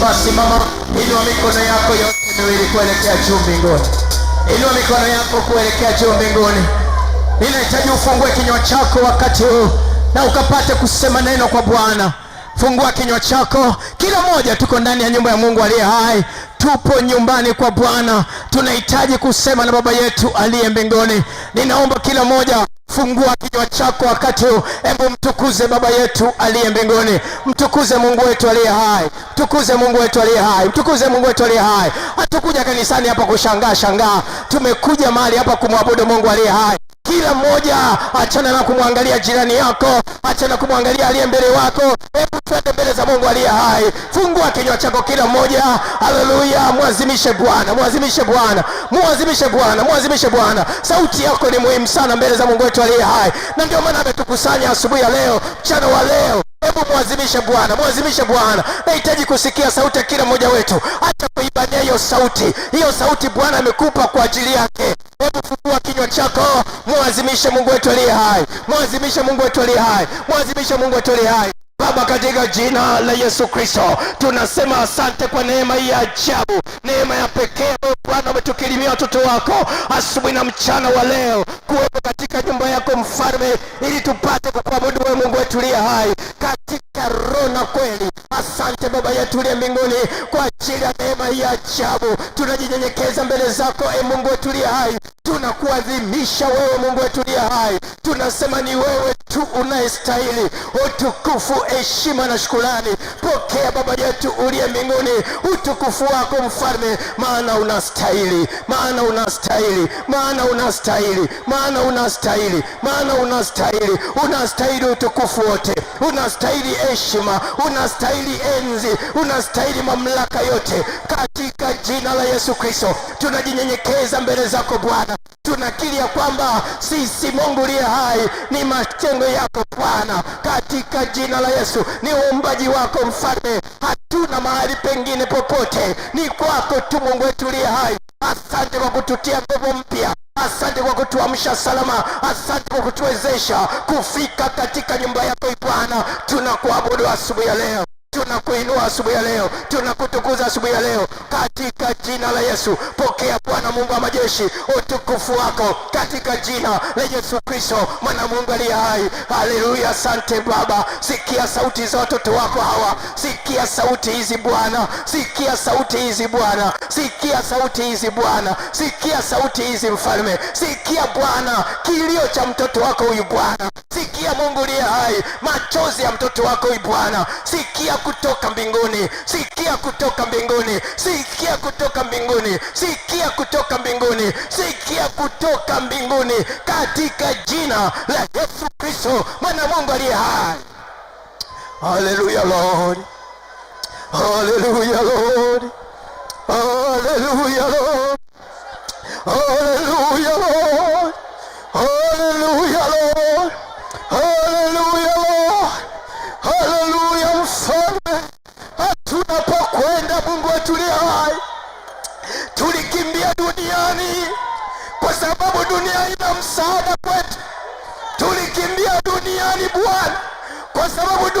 naomba simama, inua mikono yako yote miwili kuelekea juu mbinguni, inua mikono yako kuelekea juu mbinguni. Ninahitaji ufungue kinywa chako wakati huu na ukapate kusema neno kwa Bwana. Fungua kinywa chako. Kila mmoja tuko ndani ya nyumba ya Mungu aliye hai, tupo nyumbani kwa Bwana, tunahitaji kusema na baba yetu aliye mbinguni. Ninaomba kila mmoja Fungua kinywa chako wakati huu, hebu mtukuze Baba yetu aliye mbinguni, mtukuze Mungu wetu aliye hai, mtukuze Mungu wetu aliye hai, mtukuze Mungu wetu aliye hai. Hatukuja kanisani hapa kushangaa shangaa, tumekuja mahali hapa kumwabudu Mungu aliye hai. Kila mmoja achana na kumwangalia jirani yako, achana kumwangalia aliye mbele wako. Hebu twende mbele za Mungu aliye hai. Fungua kinywa chako kila mmoja, haleluya! Mwazimishe Bwana, mwazimishe Bwana, mwazimishe Bwana, mwazimishe Bwana. Sauti yako ni muhimu sana mbele za Mungu wetu aliye hai, na ndio maana ametukusanya asubuhi ya leo, mchana wa leo. Hebu mwazimishe Bwana, mwazimishe Bwana. Nahitaji kusikia sauti ya kila mmoja wetu, hata kuibania hiyo sauti. Hiyo sauti Bwana amekupa kwa ajili yake. Hebu fungua kinywa chako, mwazimishe Mungu wetu aliye hai, mwazimishe Mungu wetu aliye hai, mwazimishe Mungu wetu aliye hai. Baba, katika jina la Yesu Kristo tunasema asante kwa neema hii ya ajabu, neema ya pekee Bwana. Umetukirimia watoto wako asubuhi na mchana wa leo kuwepo katika nyumba yako Mfalme, ili tupate kukuabudu wewe Mungu wetu uliye hai katika roho na kweli. Asante Baba yetu uliye mbinguni kwa shida neema hii ajabu, tunajinyenyekeza mbele zako e Mungu wetu uliye hai, tunakuadhimisha wewe Mungu wetu hai, tunasema ni wewe tu unayestahili utukufu, heshima na shukurani. Pokea Baba yetu uliye mbinguni utukufu wako Mfalme, maana unastahili, maana unastahili, maana unastahili, maana unastahili, maana unastahili, unastahili utukufu wote, unastahili heshima, unastahili enzi, unastahili mamlaka yote yote katika jina la Yesu Kristo. Tunajinyenyekeza mbele zako Bwana, tunakiri ya kwamba sisi Mungu uliye hai ni matengo yako Bwana, katika jina la Yesu ni uumbaji wako Mfalme, hatuna mahali pengine popote, ni kwako tu Mungu wetu uliye hai. Asante kwa kututia nguvu mpya, asante kwa kutuamsha salama, asante kwa kutuwezesha kufika katika nyumba yako Bwana. Tunakuabudu asubuhi ya leo Tunakuinua asubuhi ya leo, tunakutukuza asubuhi ya leo katika jina la Yesu. Pokea Bwana Mungu wa majeshi utukufu wako katika jina la Yesu Kristo mwana Mungu aliye hai. Haleluya, asante Baba. Sikia sauti za watoto wako hawa, sikia sauti hizi Bwana, sikia sauti hizi Bwana, sikia sauti hizi Bwana, sikia sauti hizi Mfalme, sikia Bwana kilio cha mtoto wako huyu Bwana, sikia Mungu aliye hai machozi ya mtoto wako huyu Bwana, sikia kutoka mbinguni, sikia kutoka mbinguni, sikia kutoka mbinguni, sikia kutoka mbinguni, sikia kutoka mbinguni, katika jina la Yesu Kristo mwana Mungu aliye hai. Haleluya Lord, haleluya Lord, haleluya Lord, haleluya Lord.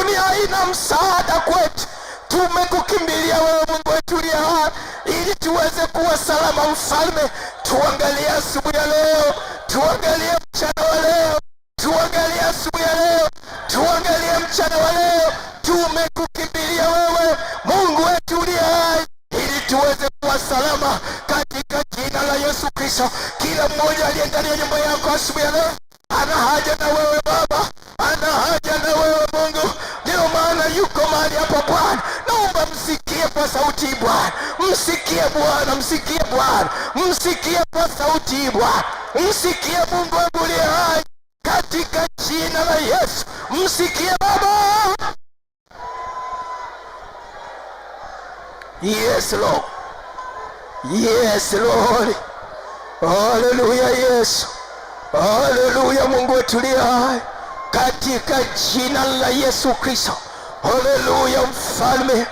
dunia haina msaada kwetu. Tumekukimbilia wewe Mungu wetu uliye hai, ili tuweze kuwa salama. Mfalme, tuangalie asubuhi ya leo, tuangalie mchana wa leo, tuangalie asubuhi ya leo, tuangalie mchana wa leo. Tumekukimbilia wewe Mungu wetu uliye hai, ili tuweze kuwa salama katika jina la Yesu Kristo. Kila mmoja aliye ndani ya nyumba yako asubuhi ya leo ana haja na wewe Baba, ana haja na wewe uko mahali hapa Bwana, naomba msikie kwa sauti Bwana, msikie Bwana, msikie Bwana, msikie kwa sauti Bwana, msikie Mungu wangu aliye hai katika jina la Yesu, msikie Baba. Yes Lord, yes Lord, haleluya Yesu, haleluya Mungu wetu aliye hai katika jina la Yesu Kristo. Haleluya mfalme,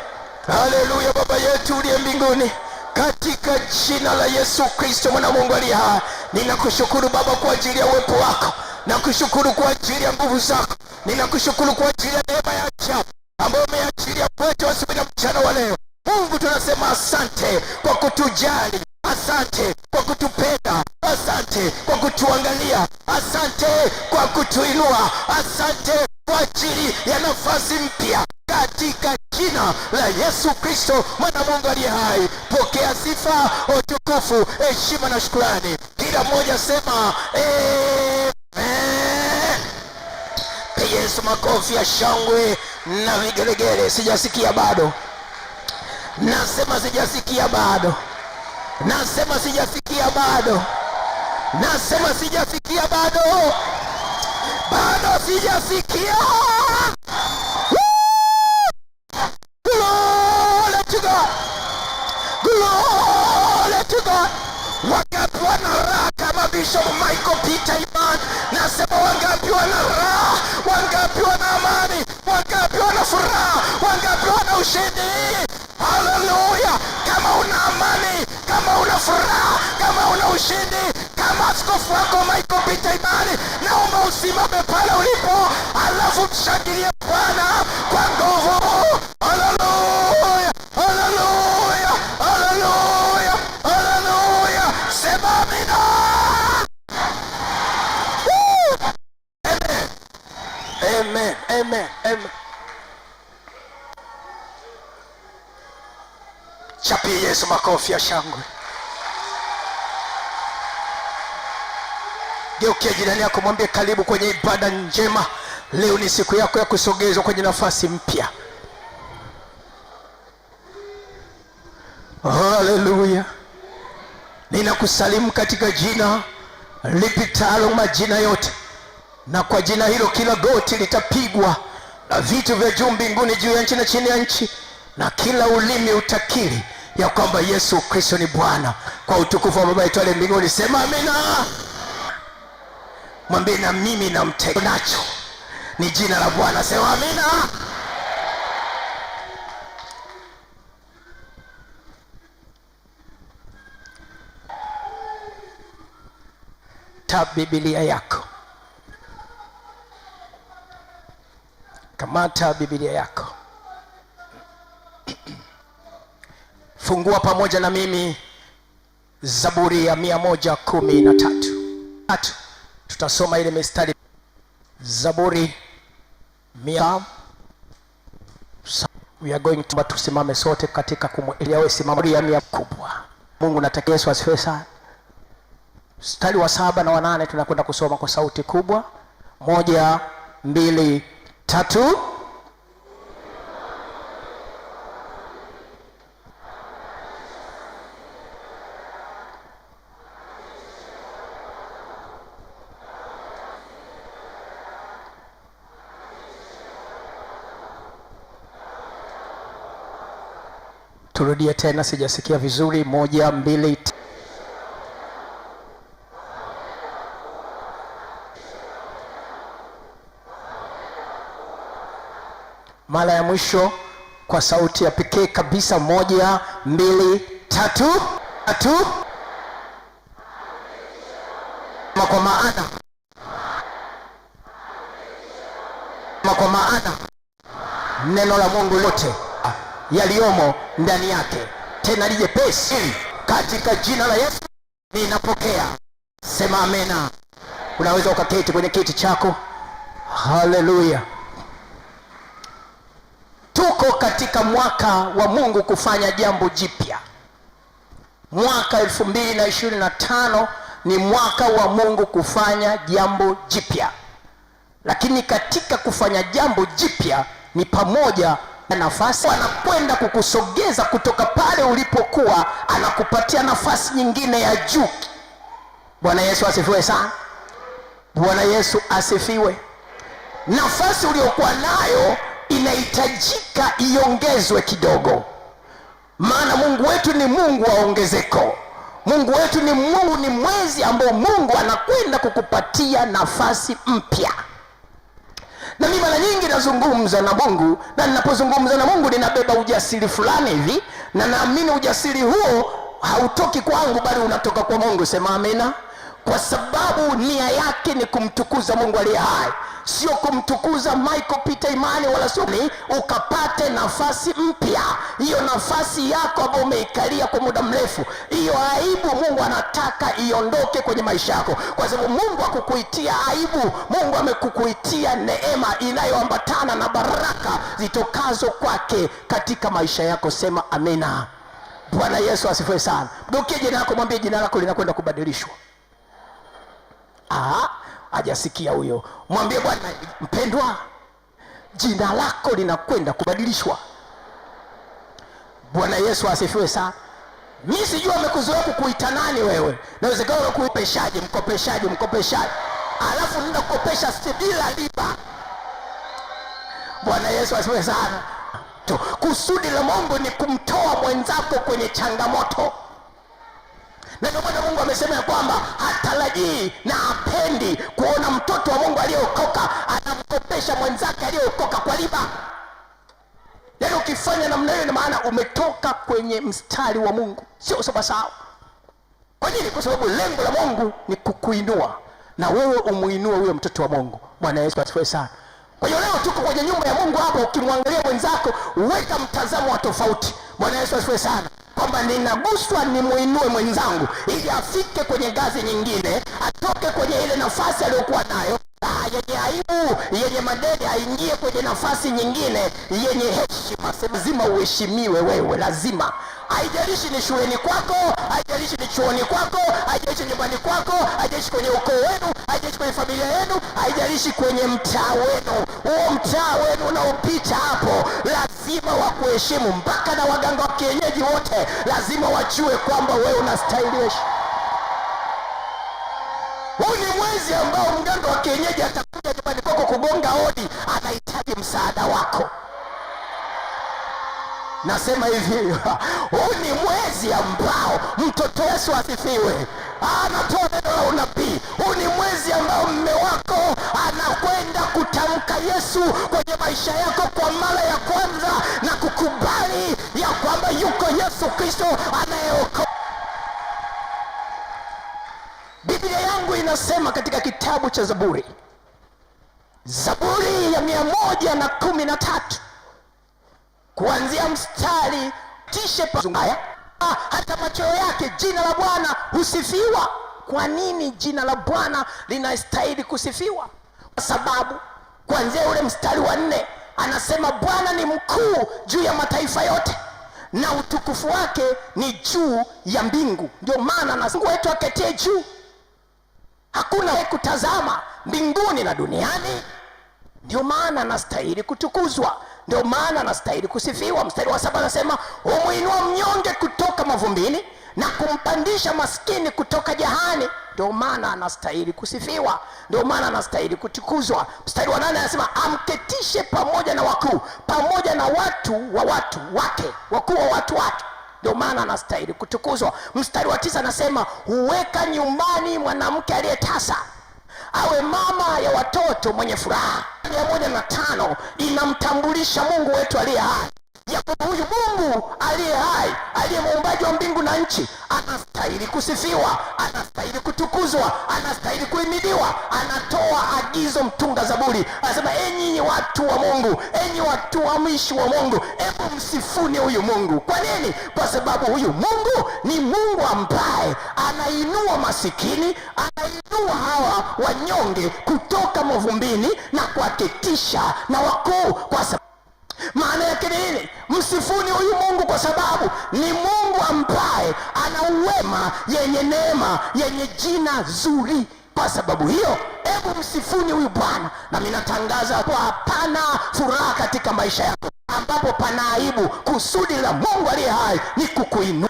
haleluya baba yetu uliye mbinguni, katika jina la Yesu Kristo mwana Mungu aliye hai, ninakushukuru Baba kwa ajili ya uwepo wako, nakushukuru kwa ajili ya nguvu zako, ninakushukuru kwa ajili ya neema ya ajabu ambayo umeachilia kwetu asubuhi na mchana wa leo. Mungu, tunasema asante kwa kutujali, asante kwa kutupenda, asante kwa kutuangalia, asante kwa kutuinua, asante kwa ajili ya nafasi mpya katika jina la Yesu Kristo mwana Mungu aliye hai. Pokea sifa, utukufu, heshima na shukrani. Kila mmoja sema amen. Yesu makofi ya shangwe na vigelegele. Sijasikia bado, nasema sijasikia bado, nasema sijasikia bado, nasema sijasikia bado bado sijafikia. Glory to God, glory to God. Wangapi wana raha kama Bishop Michael Peter Iman? Nasema wangapi wana raha, wangapi wana amani, wangapi wana furaha, wangapi wana ushindi? Haleluya! Kama una amani, kama una furaha, kama una ushindi kama askofu wako maiko pita Imani, naomba usimame pale ulipo, alafu mshangilie Bwana kwa nguvu. Haleluya, Chapie Yesu makofi ya shangwe. Geukia jirani yako, mwambie karibu kwenye ibada njema. Leo ni siku yako ya kusogezwa kwenye nafasi mpya. Haleluya! Ninakusalimu katika jina lipitalo majina yote, na kwa jina hilo kila goti litapigwa na vitu vya juu mbinguni, juu ya nchi na chini ya nchi, na kila ulimi utakili ya kwamba Yesu Kristo ni Bwana, kwa utukufu wa Baba itwale mbinguni. Sema amina mwambie na mimi namtega nacho ni jina la Bwana, sema amina. Tabu yako, kamata bibilia yako, fungua pamoja na mimi Zaburi ya mia moja kumi na tatu tatu tutasoma ile mistari Zaburi mia. We are going to but tusimame sote katika kumwelewa simamo ya mia kubwa. Mungu nataka Yesu asifiwe sana. Mstari wa saba na wanane tunakwenda kusoma kwa sauti kubwa. Moja, mbili, tatu. Turudie tena, sijasikia vizuri. Moja, mbili. Mara ya mwisho kwa sauti ya pekee kabisa. Moja, mbili, tatu, tatu. Kwa maana kwa maana neno la Mungu lote yaliomo ndani yake, tena lije pesi katika jina la Yesu ninapokea. Sema amena. Unaweza ukaketi kwenye kiti chako. Haleluya. Tuko katika mwaka wa Mungu kufanya jambo jipya. Mwaka elfu mbili na ishirini na tano ni mwaka wa Mungu kufanya jambo jipya, lakini katika kufanya jambo jipya ni pamoja nafasi anakwenda kukusogeza kutoka pale ulipokuwa, anakupatia nafasi nyingine ya juu. Bwana Yesu asifiwe sana. Bwana Yesu asifiwe. Nafasi uliyokuwa nayo inahitajika iongezwe kidogo, maana Mungu wetu ni Mungu wa ongezeko. Mungu wetu ni Mungu, ni mwezi ambao Mungu anakwenda kukupatia nafasi mpya. Na mimi mara nyingi nazungumza na Mungu, na ninapozungumza na Mungu ninabeba ujasiri fulani hivi, na naamini ujasiri huo hautoki kwangu, bali unatoka kwa Mungu. Sema amina, kwa sababu nia yake ni kumtukuza Mungu aliye hai sio kumtukuza Michael Peter Imani wala sio ukapate nafasi mpya. Hiyo nafasi yako ambayo umeikalia kwa muda mrefu, hiyo aibu Mungu anataka iondoke kwenye maisha yako, kwa sababu Mungu akukuitia aibu. Mungu amekukuitia neema inayoambatana na baraka zitokazo kwake katika maisha yako. Sema amina. Bwana Yesu asifiwe sana. Mgeukie jina lako, mwambie jina lako linakwenda kubadilishwa. Aha hajasikia huyo, mwambie Bwana, mpendwa, jina lako linakwenda kubadilishwa. Bwana Yesu asifiwe sana. mi sijui amekuzoea kukuita nani wewe, nawezekana umekopeshaji mkopeshaji mkopeshaji, alafu nenda kukopesha bila riba. Bwana Yesu asifiwe sana. Kusudi la Mungu ni kumtoa mwenzako kwenye changamoto na ndio maana Mungu amesema ya kwamba hatarajii na apendi kuona mtoto wa Mungu aliyeokoka anamkopesha mwenzake aliyeokoka kwa riba. Yaani ukifanya namna hiyo, ina maana umetoka kwenye mstari wa Mungu, sio sawasawa. Kwa nini? Kwa sababu lengo la Mungu ni kukuinua na wewe umuinue huyo mtoto wa Mungu. Bwana Yesu asifiwe sana. Kwa hiyo leo tuko kwenye nyumba ya Mungu hapo ukimwangalia mwenzako, weka mtazamo wa tofauti. Bwana Yesu asifiwe sana kwamba ninaguswa, nimwinue mwenzangu ili afike kwenye ngazi nyingine, atoke kwenye ile nafasi aliyokuwa nayo yenye aibu, yenye madeni, aingie kwenye nafasi nyingine yenye heshima. Lazima uheshimiwe wewe, lazima haijalishi ni shuleni kwako, haijalishi ni chuoni kwako, haijalishi nyumbani kwako, haijalishi kwenye ukoo wenu, haijalishi kwenye familia yenu, haijalishi kwenye mtaa wenu. Huo mtaa wenu unaopita hapo lazima wakuheshimu, mpaka na waganga wa kienyeji wote lazima wachue kwamba wewe unastahili heshima. Huu ni mwezi ambao mganga wa kienyeji atakuja nyumbani kwako kugonga hodi, anahitaji msaada wako. Nasema hivi huu ni mwezi ambao mtoto Yesu asifiwe, anatoa neno la unabii. Huu ni mwezi ambao mme wako anakwenda kutamka Yesu kwenye maisha yako kwa mara ya kwanza na kukubali ya kwamba yuko Yesu Kristo anayeokoa. Biblia yangu inasema katika kitabu cha Zaburi, Zaburi ya mia moja na kumi na tatu kuanzia mstari tishe haya ah, hata macho yake jina la Bwana husifiwa. Kwa nini jina la Bwana linastahili kusifiwa? Kwa sababu kuanzia ule mstari wa nne anasema Bwana ni mkuu juu ya mataifa yote na utukufu wake ni juu ya mbingu. Ndio maana na wetu aketie juu, hakuna kutazama mbinguni na duniani, ndio maana anastahili kutukuzwa ndio maana anastahili kusifiwa. Mstari wa saba anasema humwinua mnyonge kutoka mavumbini na kumpandisha maskini kutoka jahani, ndio maana anastahili kusifiwa, ndio maana anastahili kutukuzwa. Mstari wa nane anasema amketishe pamoja na wakuu, pamoja na watu wa watu wake, wakuu wa watu wake, ndio maana anastahili kutukuzwa. Mstari wa tisa anasema huweka nyumbani mwanamke aliyetasa awe mama ya watoto mwenye furaha. Mia moja na tano inamtambulisha Mungu wetu aliye hai, japo huyu Mungu aliye hai aliye muumbaji wa mbingu na nchi Anas- anastahili kusifiwa, anastahili kutukuzwa, anastahili kuhimidiwa. Anatoa agizo mtunga Zaburi, anasema enyi watu wa Mungu, enyi watu wa wa Mungu, hebu msifuni huyu Mungu. Kwa nini? Kwa sababu huyu Mungu ni Mungu ambaye anainua masikini, anainua hawa wanyonge kutoka mavumbini na kuwaketisha na wakuu kwa maana yake nini? Msifuni huyu Mungu kwa sababu ni Mungu ambaye ana uwema, yenye neema, yenye jina zuri. Kwa sababu hiyo, hebu msifuni huyu Bwana. Na minatangaza kwa hapana furaha katika maisha yako ambapo pana aibu. Kusudi la Mungu aliye hai ni kukuinua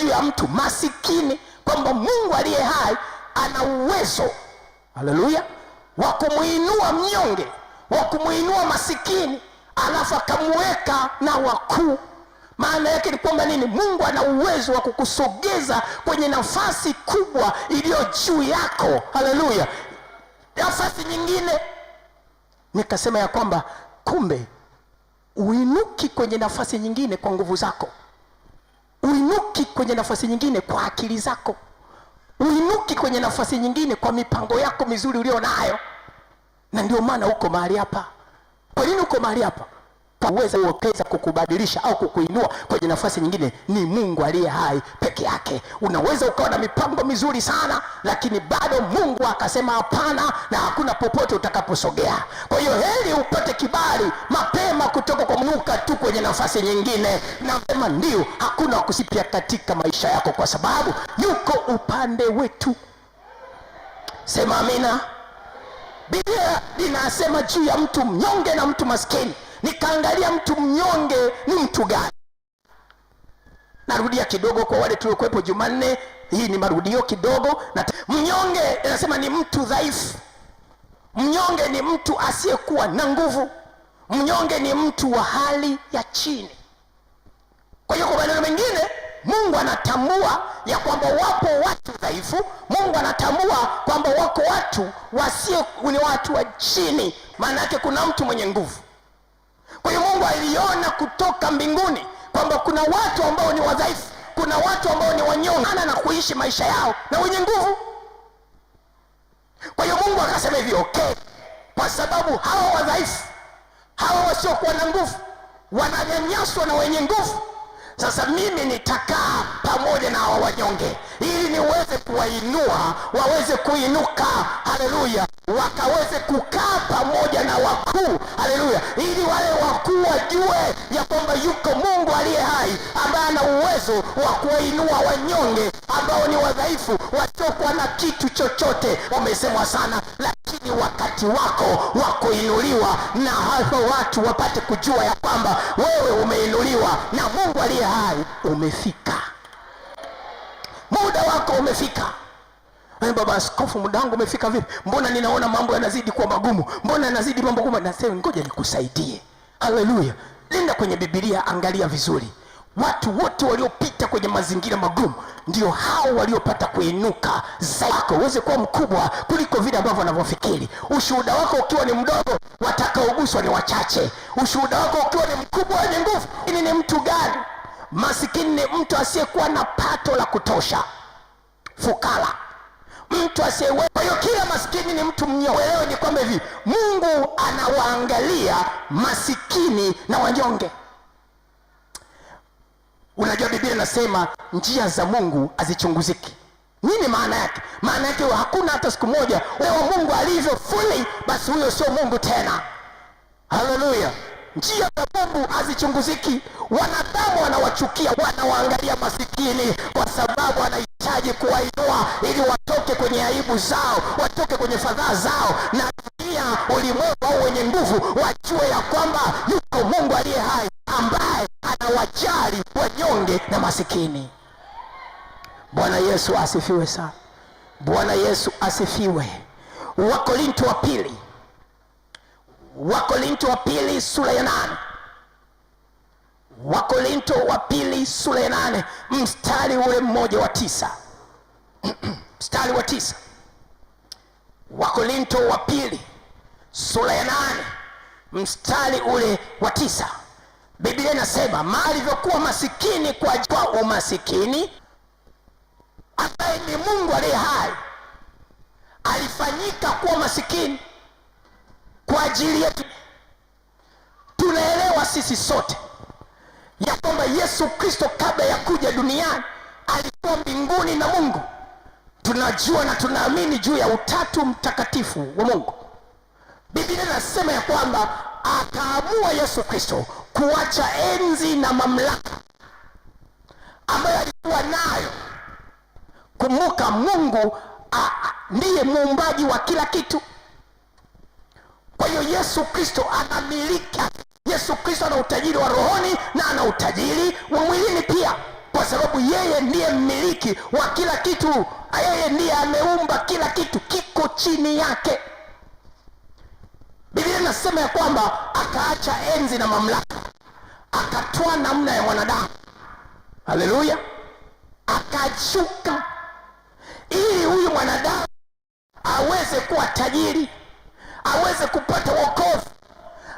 juu ya mtu masikini, kwamba Mungu aliye hai ana uwezo, haleluya, wa kumwinua mnyonge, wa kumwinua masikini alafu akamweka na wakuu. Maana yake ni kwamba nini? Mungu ana uwezo wa kukusogeza kwenye nafasi kubwa iliyo juu yako. Haleluya! nafasi nyingine. Nikasema ya kwamba kumbe uinuki kwenye nafasi nyingine kwa nguvu zako, uinuki kwenye nafasi nyingine kwa akili zako, uinuki kwenye nafasi nyingine kwa mipango yako mizuri ulio nayo, na ndio maana uko mahali hapa. Kwa nini uko mahali hapa? Uweza uweza kukubadilisha au kukuinua kwenye nafasi nyingine ni Mungu aliye hai peke yake. Unaweza ukawa na mipango mizuri sana, lakini bado Mungu akasema hapana, na hakuna popote utakaposogea. Kwa hiyo heri upate kibali mapema kutoka kwa munuka tu kwenye nafasi nyingine, na sema ndio, hakuna kusipia katika maisha yako, kwa sababu yuko upande wetu. Sema amina. Biblia inasema juu ya mtu mnyonge na mtu maskini. Nikaangalia mtu mnyonge ni mtu gani? Narudia kidogo kwa wale tuliokuwepo Jumanne, hii ni marudio kidogo. Na mnyonge inasema ni mtu dhaifu. Mnyonge ni mtu asiyekuwa na nguvu. Mnyonge ni mtu wa hali ya chini. Kwa hiyo kwa maneno mengine Mungu anatambua ya kwamba wapo watu dhaifu. Mungu anatambua kwamba wako watu wasio ni watu wa chini, maana yake kuna mtu mwenye nguvu. Kwa hiyo Mungu aliona kutoka mbinguni kwamba kuna watu ambao ni wadhaifu, kuna watu ambao ni wanyonge na kuishi maisha yao na wenye nguvu. Kwa hiyo Mungu akasema hivi, okay, kwa sababu hawa wadhaifu, hawa wasiokuwa na nguvu wananyanyaswa na wenye nguvu sasa mimi nitakaa pamoja na wanyonge ili niweze kuwainua waweze kuinuka. Haleluya! wakaweze kukaa pamoja na wakuu. Haleluya! ili wale wakuu wajue ya kwamba yuko Mungu aliye hai ambaye ana uwezo wa kuwainua wanyonge ambao ni wadhaifu wasiokuwa na kitu chochote. Wamesemwa sana, lakini wakati wako wa kuinuliwa, na hao watu wapate kujua ya kwamba wewe umeinuliwa na Mungu aliye hai umefika. Muda wako umefika. Mimi baba askofu, muda wangu umefika vipi? Mbona ninaona mambo yanazidi kuwa magumu? Mbona yanazidi mambo kuwa nasema, ngoja nikusaidie. Haleluya! Nenda kwenye Biblia, angalia vizuri. Watu wote waliopita kwenye mazingira magumu ndio hao waliopata kuinuka zaiko, uweze kuwa mkubwa kuliko vile ambavyo wanavyofikiri. Ushuhuda wako ukiwa ni mdogo, watakaoguswa ni wachache. Ushuhuda wako ukiwa ni mkubwa, wenye nguvu. Ili ni mtu gani? Masikini ni mtu asiyekuwa na pato la kutosha, fukara mtu asiyewe. Kwa hiyo kila masikini ni mtu mnyonge. Wewe ni kwamba hivi Mungu anawaangalia masikini na wanyonge. Unajua Biblia inasema njia za Mungu hazichunguziki. Nini maana yake? Maana yake hakuna hata siku moja leo Mungu alivyo fully, basi huyo sio Mungu tena. Haleluya! Njia za Mungu hazichunguziki. Wanadamu wanawachukia, wanawaangalia masikini, kwa sababu wanahitaji kuwainua ili watoke kwenye aibu zao, watoke kwenye fadhaa zao, na dunia, ulimwengu au wenye nguvu wajue ya kwamba yuko Mungu aliye hai ambaye anawajali wanyonge na masikini. Bwana Yesu asifiwe sana. Bwana Yesu asifiwe. Wakorinto wa pili Wakorinto wa pili sura ya nane Wakorinto wa pili sura ya nane mstari ule mmoja wa tisa mstari wa tisa Wakorinto wa pili sura ya nane mstari ule wa tisa Biblia inasema maalivyokuwa masikini kwa kwa umasikini, ambaye ni Mungu aliye hai alifanyika kuwa masikini kwa ajili yetu. Tunaelewa sisi sote ya kwamba Yesu Kristo kabla ya kuja duniani alikuwa mbinguni na Mungu. Tunajua na tunaamini juu ya utatu mtakatifu wa Mungu. Biblia inasema ya kwamba akaamua Yesu Kristo kuacha enzi na mamlaka ambayo alikuwa nayo. Kumbuka, Mungu ndiye muumbaji wa kila kitu. Kwa hiyo Yesu Kristo anamilika. Yesu Kristo ana utajiri wa rohoni na ana utajiri wa mwilini pia, kwa sababu yeye ndiye mmiliki wa kila kitu. Yeye ndiye ameumba kila kitu, kiko chini yake. Biblia inasema ya kwamba akaacha enzi na mamlaka, akatoa namna ya mwanadamu. Haleluya! Akashuka ili huyu mwanadamu aweze kuwa tajiri aweze kupata wokovu,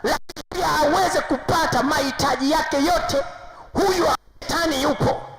lakini pia aweze kupata mahitaji yake yote. Huyu shetani yupo.